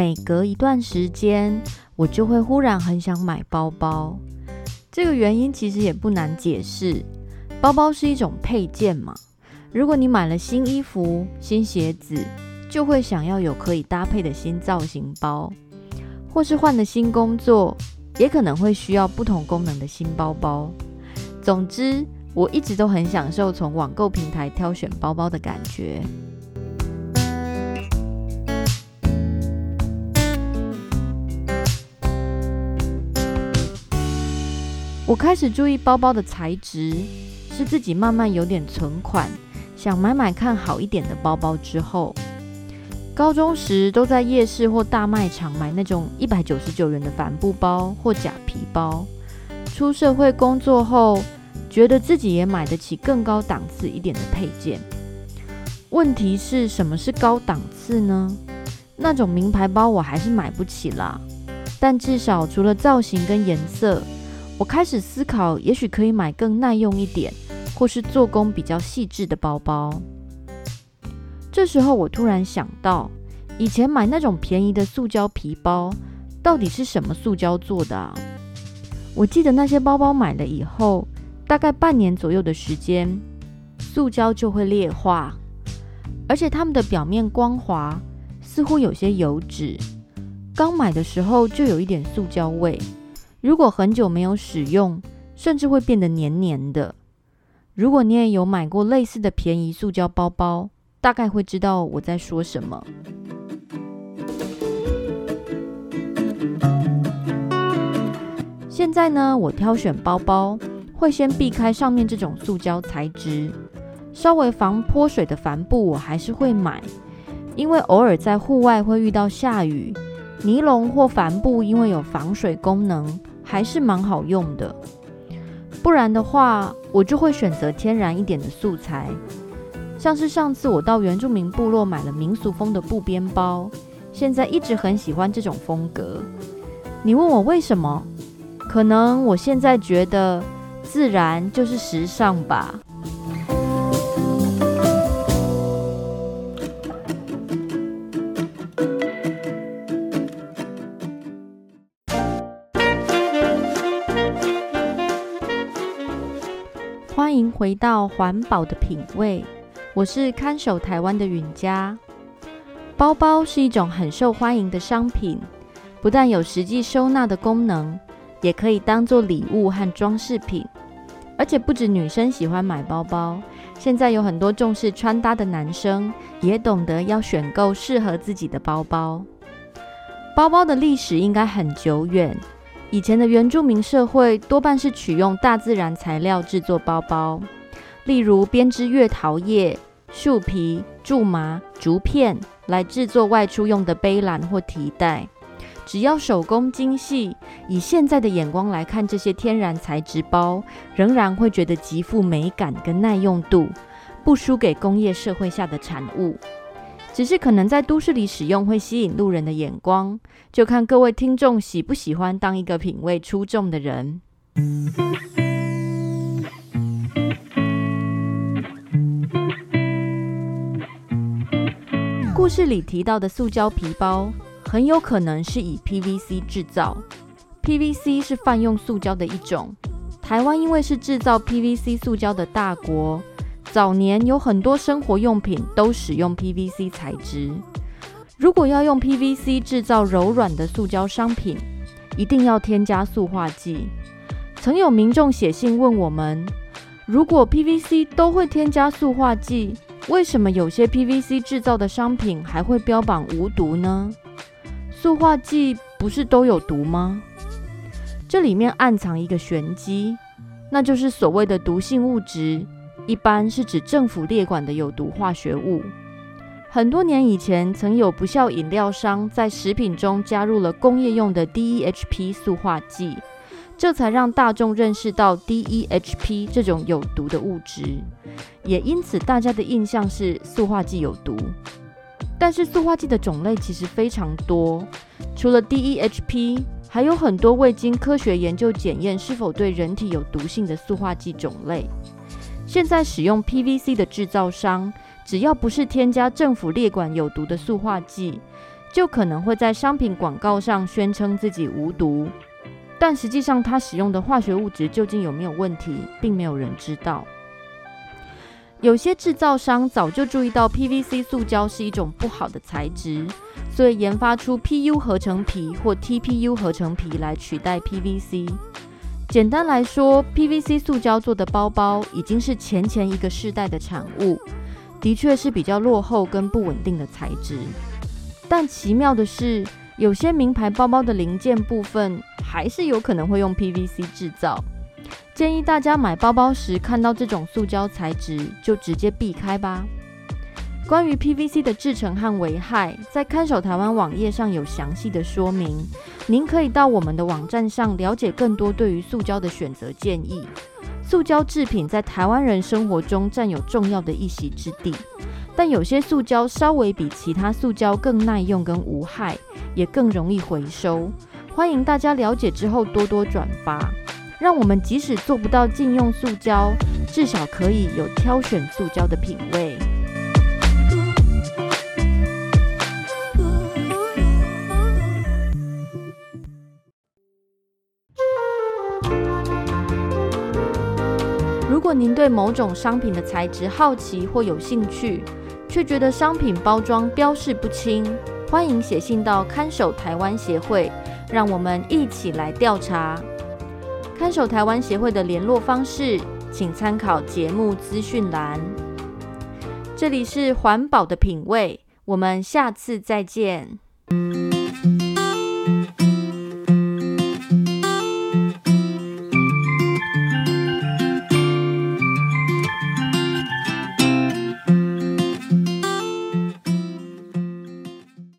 每隔一段時間，我就會忽然很想買包包。這個原因其實也不難解釋，包包是一種配件嘛。如果你買了新衣服、新鞋子，就會想要有可以搭配的新造型包；或是換了新工作，也可能會需要不同功能的新包包。總之，我一直都很享受從網購平台挑選包包的感覺。我開始注意包包的材質，是自己慢慢有點存款，想買買看好一點的包包。之後，高中時都在夜市或大賣場買那種一百九十九元的帆布包或假皮包。出社會工作後，覺得自己也買得起更高檔次一點的配件。問題是，什麼是高檔次呢？那種名牌包我還是買不起啦。但至少除了造型跟顏色。我開始思考，也許可以買更耐用一點，或是做工比較細緻的包包。這時候，我突然想到，以前買那種便宜的塑膠皮包，到底是什麼塑膠做的啊？我記得那些包包買了以後，大概半年左右的時間，塑膠就會劣化，而且它們的表面光滑，似乎有些油脂，剛買的時候就有一點塑膠味。如果很久沒有使用，甚至會變得黏黏的。如果你也有買過類似的便宜塑膠包包，大概會知道我在說什麼。現在呢，我挑選包包會先避開上面這種塑膠材質，稍微防潑水的帆布我還是會買，因為偶爾在戶外會遇到下雨，尼龍或帆布因為有防水功能。還是蠻好用的，不然的話我就會選擇天然一點的素材，像是上次我到原住民部落買了民俗風的布邊包，現在一直很喜歡這種風格。你問我為什麼？可能我現在覺得自然就是時尚吧。回到環保的品味，我是看守台灣的允嘉。包包是一種很受歡迎的商品，不但有實際收納的功能，也可以當做禮物和裝飾品。而且不止女生喜歡買包包，現在有很多重視穿搭的男生也懂得要選購適合自己的包包。包包的歷史應該很久遠，以前的原住民社會多半是取用大自然材料製作包包。例如編織月桃葉、樹皮、苧麻、竹片來制作外出用的背籃或提袋，只要手工精細，以現在的眼光來看，這些天然材質包仍然會覺得極富美感跟耐用度，不輸給工業社會下的產物。只是可能在都市裡使用會吸引路人的眼光，就看各位聽眾喜不喜歡當一個品味出眾的人。故事裡提到的塑膠皮包，很有可能是以 PVC 製造。PVC 是泛用塑膠的一種。台灣因為是製造 PVC 塑膠的大國，早年有很多生活用品都使用 PVC 材質。如果要用 PVC 製造柔軟的塑膠商品，一定要添加塑化劑。曾有民眾寫信問我們，如果 PVC 都會添加塑化劑，為什麼有些 PVC 製造的商品還會標榜無毒呢？塑化劑不是都有毒嗎？這裡面暗藏一個玄機，那就是所謂的毒性物質，一般是指政府列管的有毒化學物。很多年以前，曾有不肖飲料商在食品中加入了工業用的 DEHP 塑化劑。這才讓大眾認識到 DEHP 這種有毒的物質，也因此大家的印象是塑化劑有毒。但是塑化劑的種類其實非常多，除了 DEHP，還有很多未經科學研究檢驗是否對人體有毒性的塑化劑種類。現在使用 PVC 的制造商，只要不是添加政府列管有毒的塑化劑，就可能會在商品廣告上宣稱自己無毒。但實際上，它使用的化學物質究竟有沒有問題，並沒有人知道。有些制造商早就注意到 PVC 塑膠是一種不好的材質，所以研發出 PU 合成皮或 TPU 合成皮來取代 PVC。簡單來說，PVC 塑膠做的包包已經是前前一個世代的產物，的確是比較落後跟不穩定的材質。但奇妙的是，有些名牌包包的零件部分，還是有可能會用 PVC 製造，建議大家買包包時看到這種塑膠材質就直接避開吧。關於 PVC 的制成和危害，在看守台灣網頁上有詳細的說明，您可以到我們的網站上了解更多對於塑膠的選擇建議。塑膠製品在台灣人生活中占有重要的一席之地，但有些塑膠稍微比其他塑膠更耐用跟無害，也更容易回收。歡迎大家了解之後多多轉發，讓我們即使做不到禁用塑膠，至少可以有挑選塑膠的品味。如果您對某種商品的材質好奇或有興趣，卻覺得商品包裝標示不清，歡迎寫信到看守台灣協會。讓我們一起來調查。看守台灣協會的聯絡方式，請參考節目資訊欄。這裡是環保的品味，我們下次再見。